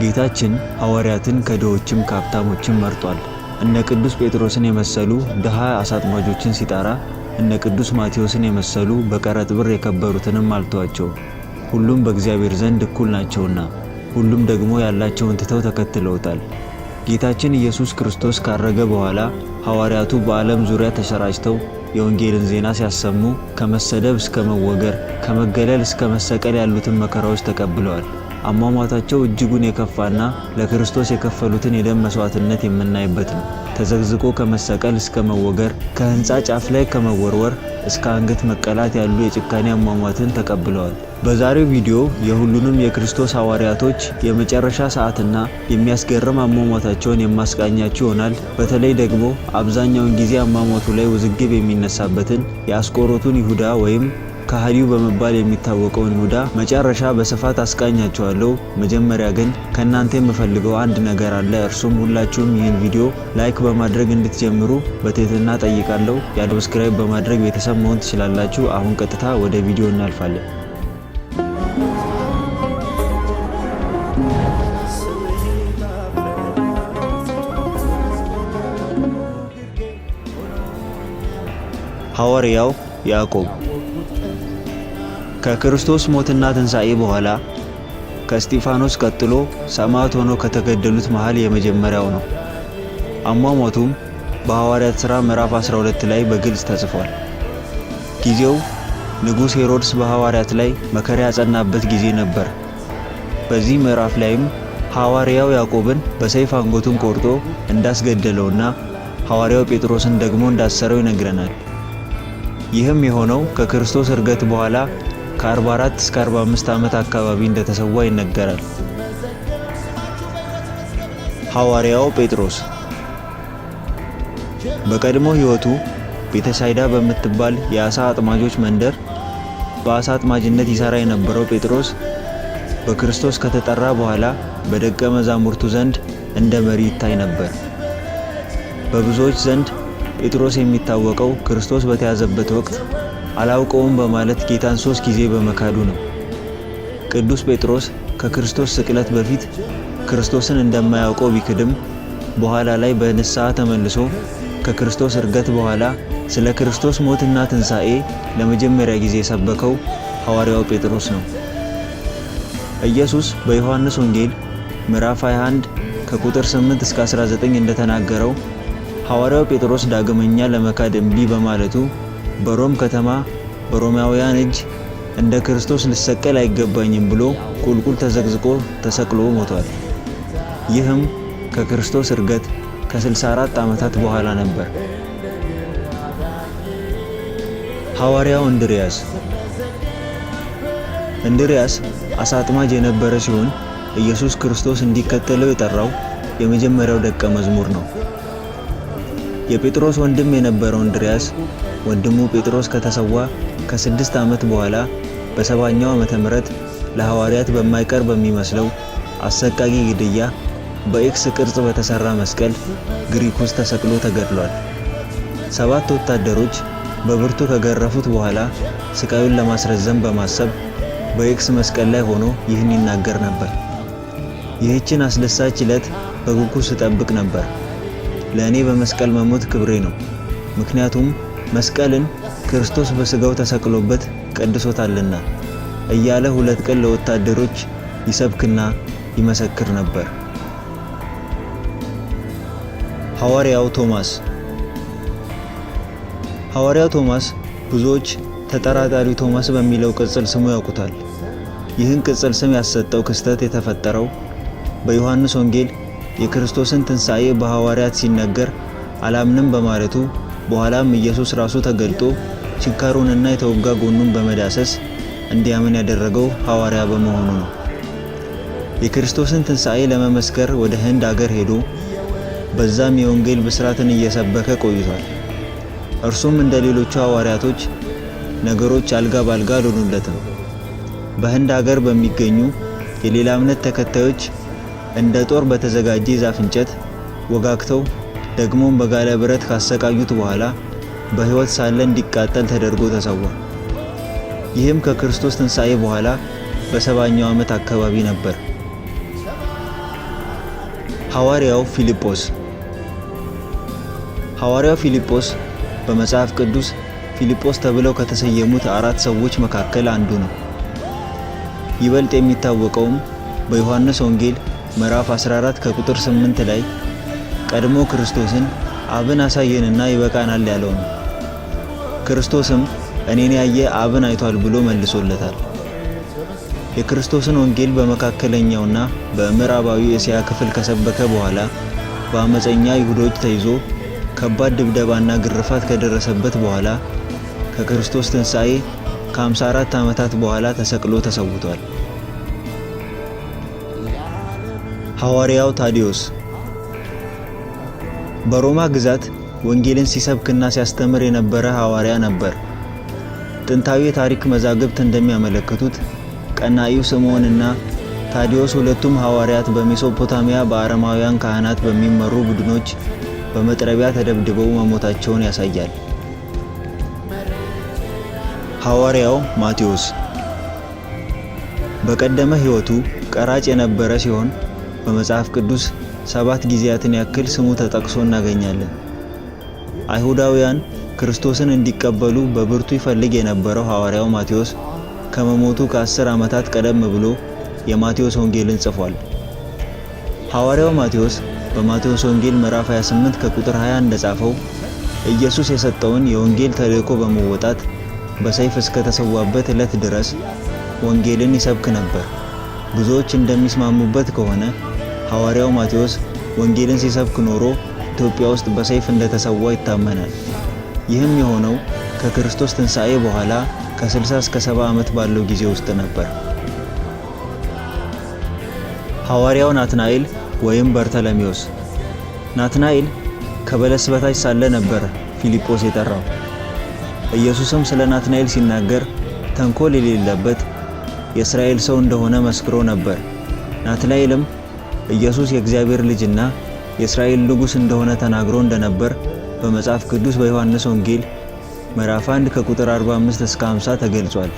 ጌታችን ሐዋርያትን ከድሆችም ከሀብታሞችም መርጧል። እነ ቅዱስ ጴጥሮስን የመሰሉ ድሃ አሳጥማጆችን ሲጠራ እነ ቅዱስ ማቴዎስን የመሰሉ በቀረጥ ብር የከበሩትንም አልተዋቸው። ሁሉም በእግዚአብሔር ዘንድ እኩል ናቸውና ሁሉም ደግሞ ያላቸውን ትተው ተከትለውታል። ጌታችን ኢየሱስ ክርስቶስ ካረገ በኋላ ሐዋርያቱ በዓለም ዙሪያ ተሰራጭተው የወንጌልን ዜና ሲያሰሙ ከመሰደብ እስከ መወገር፣ ከመገለል እስከ መሰቀል ያሉትን መከራዎች ተቀብለዋል። አሟሟታቸው እጅጉን የከፋና ለክርስቶስ የከፈሉትን የደም መስዋዕትነት የምናይበት ነው። ተዘግዝቆ ከመሰቀል እስከ መወገር፣ ከህንፃ ጫፍ ላይ ከመወርወር እስከ አንገት መቀላት ያሉ የጭካኔ አሟሟትን ተቀብለዋል። በዛሬው ቪዲዮ የሁሉንም የክርስቶስ ሐዋርያቶች የመጨረሻ ሰዓትና የሚያስገርም አሟሟታቸውን የማስቃኛችሁ ይሆናል። በተለይ ደግሞ አብዛኛውን ጊዜ አሟሟቱ ላይ ውዝግብ የሚነሳበትን የአስቆሮቱን ይሁዳ ወይም ከሃዲው በመባል የሚታወቀውን ይሁዳ መጨረሻ በስፋት አስቃኛቸዋለሁ። መጀመሪያ ግን ከእናንተ የምፈልገው አንድ ነገር አለ። እርሱም ሁላችሁም ይህን ቪዲዮ ላይክ በማድረግ እንድትጀምሩ በትህትና ጠይቃለሁ። ያለሰብስክራይብ በማድረግ ቤተሰብ መሆን ትችላላችሁ። አሁን ቀጥታ ወደ ቪዲዮ እናልፋለን። ሐዋርያው ያዕቆብ ከክርስቶስ ሞትና ትንሣኤ በኋላ ከእስጢፋኖስ ቀጥሎ ሰማዕት ሆነው ከተገደሉት መሃል የመጀመሪያው ነው። አሟሟቱም በሐዋርያት ሥራ ምዕራፍ 12 ላይ በግልጽ ተጽፏል። ጊዜው ንጉሥ ሄሮድስ በሐዋርያት ላይ መከራ ያጸናበት ጊዜ ነበር። በዚህ ምዕራፍ ላይም ሐዋርያው ያዕቆብን በሰይፍ አንገቱን ቆርጦ እንዳስገደለውና ሐዋርያው ጴጥሮስን ደግሞ እንዳሰረው ይነግረናል። ይህም የሆነው ከክርስቶስ እርገት በኋላ ከ44 እስከ 45 ዓመት አካባቢ እንደተሰዋ ይነገራል። ሐዋርያው ጴጥሮስ በቀድሞ ሕይወቱ ቤተሳይዳ በምትባል የአሳ አጥማጆች መንደር በአሳ አጥማጅነት ይሠራ የነበረው ጴጥሮስ በክርስቶስ ከተጠራ በኋላ በደቀ መዛሙርቱ ዘንድ እንደ መሪ ይታይ ነበር። በብዙዎች ዘንድ ጴጥሮስ የሚታወቀው ክርስቶስ በተያዘበት ወቅት አላውቀውም በማለት ጌታን ሶስት ጊዜ በመካዱ ነው። ቅዱስ ጴጥሮስ ከክርስቶስ ስቅለት በፊት ክርስቶስን እንደማያውቀው ቢክድም በኋላ ላይ በንስሐ ተመልሶ ከክርስቶስ እርገት በኋላ ስለ ክርስቶስ ሞትና ትንሣኤ ለመጀመሪያ ጊዜ የሰበከው ሐዋርያው ጴጥሮስ ነው። ኢየሱስ በዮሐንስ ወንጌል ምዕራፍ 21 ከቁጥር 8 እስከ 19 እንደተናገረው ሐዋርያው ጴጥሮስ ዳግመኛ ለመካድ እምቢ በማለቱ በሮም ከተማ በሮማውያን እጅ እንደ ክርስቶስ ልሰቀል አይገባኝም ብሎ ቁልቁል ተዘቅዝቆ ተሰቅሎ ሞቷል። ይህም ከክርስቶስ እርገት ከ64 ዓመታት በኋላ ነበር። ሐዋርያው እንድርያስ እንድርያስ አሳ አጥማጅ የነበረ ሲሆን ኢየሱስ ክርስቶስ እንዲከተለው የጠራው የመጀመሪያው ደቀ መዝሙር ነው። የጴጥሮስ ወንድም የነበረው እንድርያስ ወንድሙ ጴጥሮስ ከተሰዋ ከስድስት ዓመት በኋላ በሰባኛው ዓመተ ምህረት ለሐዋርያት በማይቀር በሚመስለው አሰቃቂ ግድያ በኤክስ ቅርጽ በተሰራ መስቀል ግሪክ ውስጥ ተሰቅሎ ተገድሏል። ሰባት ወታደሮች በብርቱ ከገረፉት በኋላ ስቃዩን ለማስረዘም በማሰብ በኤክስ መስቀል ላይ ሆኖ ይህን ይናገር ነበር። ይህችን አስደሳች ዕለት በጉጉት ስጠብቅ ነበር። ለእኔ በመስቀል መሞት ክብሬ ነው፣ ምክንያቱም መስቀልን ክርስቶስ በሥጋው ተሰቅሎበት ቀድሶታልና እያለ ሁለት ቀን ለወታደሮች ይሰብክና ይመሰክር ነበር። ሐዋርያው ቶማስ ሐዋርያው ቶማስ ብዙዎች ተጠራጣሪው ቶማስ በሚለው ቅጽል ስሙ ያውቁታል። ይህን ቅጽል ስም ያሰጠው ክስተት የተፈጠረው በዮሐንስ ወንጌል የክርስቶስን ትንሣኤ በሐዋርያት ሲነገር አላምንም በማለቱ በኋላም ኢየሱስ ራሱ ተገልጦ ችካሩንና የተወጋ ጎኑን በመዳሰስ እንዲያምን ያደረገው ሐዋርያ በመሆኑ ነው። የክርስቶስን ትንሣኤ ለመመስከር ወደ ህንድ አገር ሄዶ በዛም የወንጌል ብስራትን እየሰበከ ቆይቷል። እርሱም እንደ ሌሎቹ ሐዋርያቶች ነገሮች አልጋ ባልጋ አልሆኑለትም። በህንድ አገር በሚገኙ የሌላ እምነት ተከታዮች እንደ ጦር በተዘጋጀ የዛፍ እንጨት ወጋግተው ደግሞም በጋለ ብረት ካሰቃዩት በኋላ በሕይወት ሳለ እንዲቃጠል ተደርጎ ተሰዋ። ይህም ከክርስቶስ ትንሣኤ በኋላ በሰባኛው ዓመት አካባቢ ነበር። ሐዋርያው ፊልጶስ ሐዋርያው ፊልጶስ በመጽሐፍ ቅዱስ ፊልጶስ ተብለው ከተሰየሙት አራት ሰዎች መካከል አንዱ ነው። ይበልጥ የሚታወቀውም በዮሐንስ ወንጌል ምዕራፍ 14 ከቁጥር 8 ላይ ቀድሞ ክርስቶስን አብን አሳየንና ይበቃናል ያለው ነው። ክርስቶስም እኔን ያየ አብን አይቷል ብሎ መልሶለታል። የክርስቶስን ወንጌል በመካከለኛውና በምዕራባዊ እስያ ክፍል ከሰበከ በኋላ በአመፀኛ ይሁዶች ተይዞ ከባድ ድብደባና ግርፋት ከደረሰበት በኋላ ከክርስቶስ ትንሣኤ ከ54 ዓመታት በኋላ ተሰቅሎ ተሰውቷል። ሐዋርያው ታዲዮስ በሮማ ግዛት ወንጌልን ሲሰብክና ሲያስተምር የነበረ ሐዋርያ ነበር። ጥንታዊ የታሪክ መዛግብት እንደሚያመለክቱት ቀናዩ ስምዖንና ታዲዮስ ሁለቱም ሐዋርያት በሜሶፖታሚያ በአረማውያን ካህናት በሚመሩ ቡድኖች በመጥረቢያ ተደብድበው መሞታቸውን ያሳያል። ሐዋርያው ማቴዎስ በቀደመ ሕይወቱ ቀራጭ የነበረ ሲሆን በመጽሐፍ ቅዱስ ሰባት ጊዜያትን ያክል ስሙ ተጠቅሶ እናገኛለን። አይሁዳውያን ክርስቶስን እንዲቀበሉ በብርቱ ይፈልግ የነበረው ሐዋርያው ማቴዎስ ከመሞቱ ከአስር ዓመታት ቀደም ብሎ የማቴዎስ ወንጌልን ጽፏል። ሐዋርያው ማቴዎስ በማቴዎስ ወንጌል ምዕራፍ 28 ከቁጥር 20 እንደጻፈው ኢየሱስ የሰጠውን የወንጌል ተልእኮ በመወጣት በሰይፍ እስከ ተሰዋበት ዕለት ድረስ ወንጌልን ይሰብክ ነበር። ብዙዎች እንደሚስማሙበት ከሆነ ሐዋርያው ማቴዎስ ወንጌልን ሲሰብክ ኖሮ ኢትዮጵያ ውስጥ በሰይፍ እንደተሰዋ ይታመናል። ይህም የሆነው ከክርስቶስ ትንሣኤ በኋላ ከ60 እስከ 70 ዓመት ባለው ጊዜ ውስጥ ነበር። ሐዋርያው ናትናኤል ወይም በርተለሜዎስ። ናትናኤል ከበለስ በታች ሳለ ነበር ፊልጶስ የጠራው። ኢየሱስም ስለ ናትናኤል ሲናገር ተንኮል የሌለበት የእስራኤል ሰው እንደሆነ መስክሮ ነበር። ናትናኤልም ኢየሱስ የእግዚአብሔር ልጅና የእስራኤል ንጉሥ እንደሆነ ተናግሮ እንደነበር በመጽሐፍ ቅዱስ በዮሐንስ ወንጌል ምዕራፍ 1 ከቁጥር 45 እስከ 50 ተገልጿል።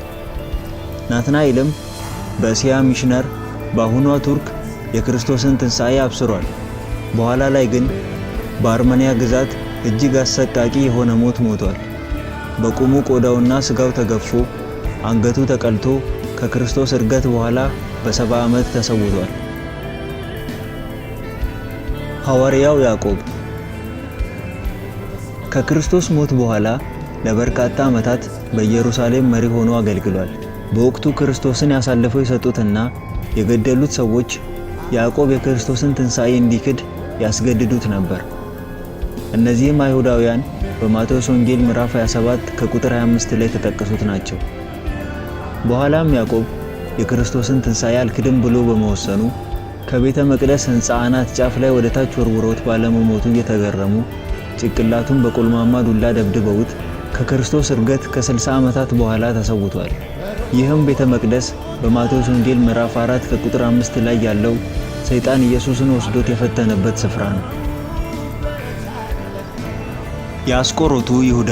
ናትናኤልም በእስያ ሚሽነር በአሁኗ ቱርክ የክርስቶስን ትንሣኤ አብስሯል። በኋላ ላይ ግን በአርመንያ ግዛት እጅግ አሰቃቂ የሆነ ሞት ሞቷል። በቁሙ ቆዳውና ሥጋው ተገፎ አንገቱ ተቀልቶ ከክርስቶስ እርገት በኋላ በሰባ ዓመት ተሰውቷል። ሐዋርያው ያዕቆብ ከክርስቶስ ሞት በኋላ ለበርካታ ዓመታት በኢየሩሳሌም መሪ ሆኖ አገልግሏል። በወቅቱ ክርስቶስን ያሳልፈው የሰጡትና የገደሉት ሰዎች ያዕቆብ የክርስቶስን ትንሣኤ እንዲክድ ያስገድዱት ነበር። እነዚህም አይሁዳውያን በማቴዎስ ወንጌል ምዕራፍ 27 ከቁጥር 25 ላይ የተጠቀሱት ናቸው። በኋላም ያዕቆብ የክርስቶስን ትንሣኤ አልክድም ብሎ በመወሰኑ ከቤተ መቅደስ ሕንፃ አናት ጫፍ ላይ ወደ ታች ወርውረውት ባለመሞቱ እየተገረሙ ጭንቅላቱን በቆልማማ ዱላ ደብድበውት ከክርስቶስ እርገት ከ60 ዓመታት በኋላ ተሰውቷል። ይህም ቤተ መቅደስ በማቴዎስ ወንጌል ምዕራፍ 4 ከቁጥር 5 ላይ ያለው ሰይጣን ኢየሱስን ወስዶት የፈተነበት ስፍራ ነው። የአስቆሮቱ ይሁዳ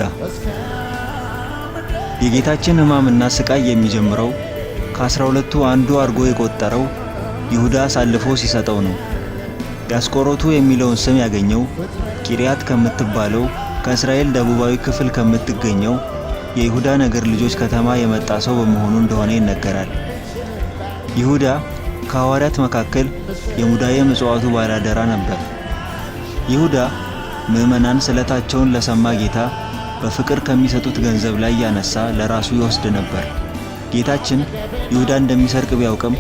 የጌታችን ሕማምና ስቃይ የሚጀምረው ከ12ቱ አንዱ አድርጎ የቆጠረው ይሁዳ አሳልፎ ሲሰጠው ነው። ዲያስቆሮቱ የሚለውን ስም ያገኘው ቂርያት ከምትባለው ከእስራኤል ደቡባዊ ክፍል ከምትገኘው የይሁዳ ነገር ልጆች ከተማ የመጣ ሰው በመሆኑ እንደሆነ ይነገራል። ይሁዳ ከሐዋርያት መካከል የሙዳየ ምጽዋቱ ባላደራ ነበር። ይሁዳ ምዕመናን ስለታቸውን ለሰማ ጌታ በፍቅር ከሚሰጡት ገንዘብ ላይ ያነሳ ለራሱ ይወስድ ነበር። ጌታችን ይሁዳ እንደሚሰርቅ ቢያውቅም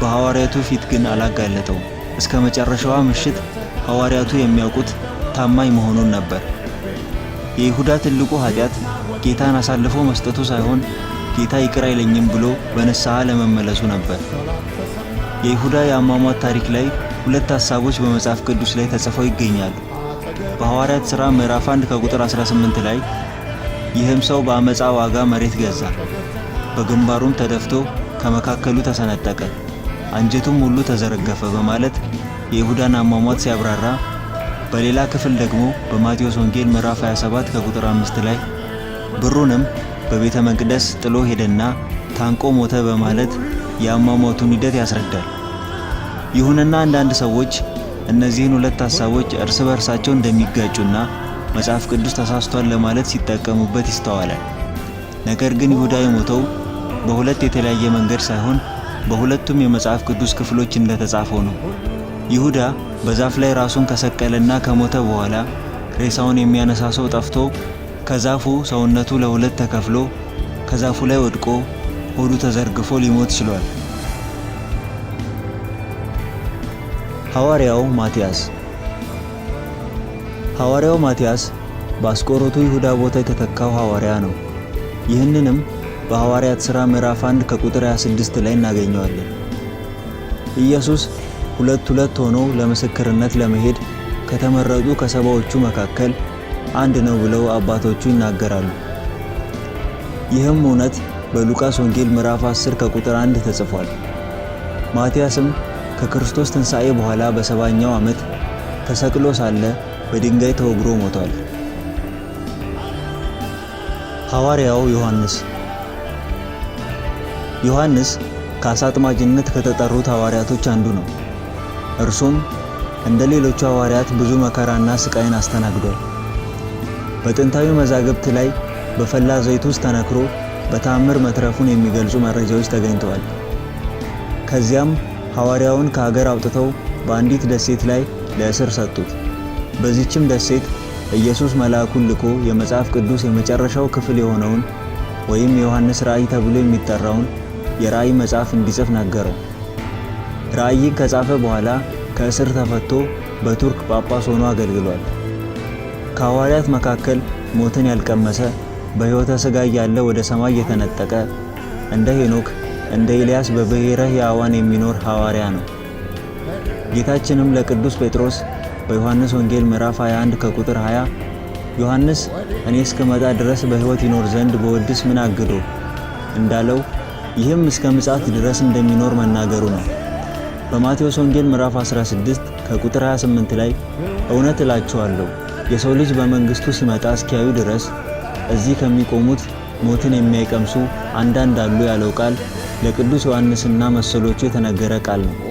በሐዋርያቱ ፊት ግን አላጋለጠውም። እስከ መጨረሻዋ ምሽት ሐዋርያቱ የሚያውቁት ታማኝ መሆኑን ነበር። የይሁዳ ትልቁ ኃጢአት ጌታን አሳልፎ መስጠቱ ሳይሆን ጌታ ይቅር አይለኝም ብሎ በንስሐ ለመመለሱ ነበር። የይሁዳ የአሟሟት ታሪክ ላይ ሁለት ሐሳቦች በመጽሐፍ ቅዱስ ላይ ተጽፈው ይገኛሉ። በሐዋርያት ሥራ ምዕራፍ 1 ከቁጥር 18 ላይ ይህም ሰው በአመፃ ዋጋ መሬት ገዛ፣ በግንባሩም ተደፍቶ ከመካከሉ ተሰነጠቀ አንጀቱም ሁሉ ተዘረገፈ በማለት የይሁዳን አሟሟት ሲያብራራ በሌላ ክፍል ደግሞ በማቴዎስ ወንጌል ምዕራፍ 27 ከቁጥር 5 ላይ ብሩንም በቤተ መቅደስ ጥሎ ሄደና ታንቆ ሞተ በማለት የአሟሟቱን ሂደት ያስረዳል። ይሁንና አንዳንድ ሰዎች እነዚህን ሁለት ሐሳቦች እርስ በርሳቸው እንደሚጋጩና መጽሐፍ ቅዱስ ተሳስቷል ለማለት ሲጠቀሙበት ይስተዋላል። ነገር ግን ይሁዳ የሞተው በሁለት የተለያየ መንገድ ሳይሆን በሁለቱም የመጽሐፍ ቅዱስ ክፍሎች እንደተጻፈው ነው። ይሁዳ በዛፍ ላይ ራሱን ከሰቀለና ከሞተ በኋላ ሬሳውን የሚያነሳ ሰው ጠፍቶ ከዛፉ ሰውነቱ ለሁለት ተከፍሎ ከዛፉ ላይ ወድቆ ሆዱ ተዘርግፎ ሊሞት ችሏል። ሐዋርያው ማቲያስ ሐዋርያው ማቲያስ በአስቆሮቱ ይሁዳ ቦታ የተተካው ሐዋርያ ነው። ይህንንም በሐዋርያት ሥራ ምዕራፍ 1 ከቁጥር 26 ላይ እናገኘዋለን። ኢየሱስ ሁለት ሁለት ሆኖ ለምስክርነት ለመሄድ ከተመረጡ ከሰባዎቹ መካከል አንድ ነው ብለው አባቶቹ ይናገራሉ። ይህም እውነት በሉቃስ ወንጌል ምዕራፍ 10 ከቁጥር 1 ተጽፏል። ማቲያስም ከክርስቶስ ትንሣኤ በኋላ በሰባኛው ዓመት ተሰቅሎ ሳለ በድንጋይ ተወግሮ ሞቷል። ሐዋርያው ዮሐንስ ዮሐንስ ከዓሣ አጥማጅነት ከተጠሩት ሐዋርያቶች አንዱ ነው። እርሱም እንደ ሌሎቹ ሐዋርያት ብዙ መከራና ስቃይን አስተናግዷል። በጥንታዊ መዛግብት ላይ በፈላ ዘይት ውስጥ ተነክሮ በተአምር መትረፉን የሚገልጹ መረጃዎች ተገኝተዋል። ከዚያም ሐዋርያውን ከአገር አውጥተው በአንዲት ደሴት ላይ ለእስር ሰጡት። በዚችም ደሴት ኢየሱስ መልአኩን ልኮ የመጽሐፍ ቅዱስ የመጨረሻው ክፍል የሆነውን ወይም የዮሐንስ ራእይ ተብሎ የሚጠራውን የራእይ መጽሐፍ እንዲጽፍ ነገረው። ራእይ ከጻፈ በኋላ ከእስር ተፈቶ በቱርክ ጳጳስ ሆኖ አገልግሏል። ከሐዋርያት መካከል ሞትን ያልቀመሰ በሕይወተ ሥጋ እያለ ወደ ሰማይ የተነጠቀ እንደ ሄኖክ እንደ ኤልያስ በብሔረ ሕያዋን የሚኖር ሐዋርያ ነው። ጌታችንም ለቅዱስ ጴጥሮስ በዮሐንስ ወንጌል ምዕራፍ 21 ከቁጥር 20 ዮሐንስ እኔ እስክመጣ ድረስ በሕይወት ይኖር ዘንድ በወድስ ምን አግዶ እንዳለው ይህም እስከ ምጽአት ድረስ እንደሚኖር መናገሩ ነው። በማቴዎስ ወንጌል ምዕራፍ 16 ከቁጥር 28 ላይ እውነት እላችኋለሁ የሰው ልጅ በመንግሥቱ ሲመጣ እስኪያዩ ድረስ እዚህ ከሚቆሙት ሞትን የሚያይቀምሱ አንዳንድ አሉ ያለው ቃል ለቅዱስ ዮሐንስና መሰሎቹ የተነገረ ቃል ነው።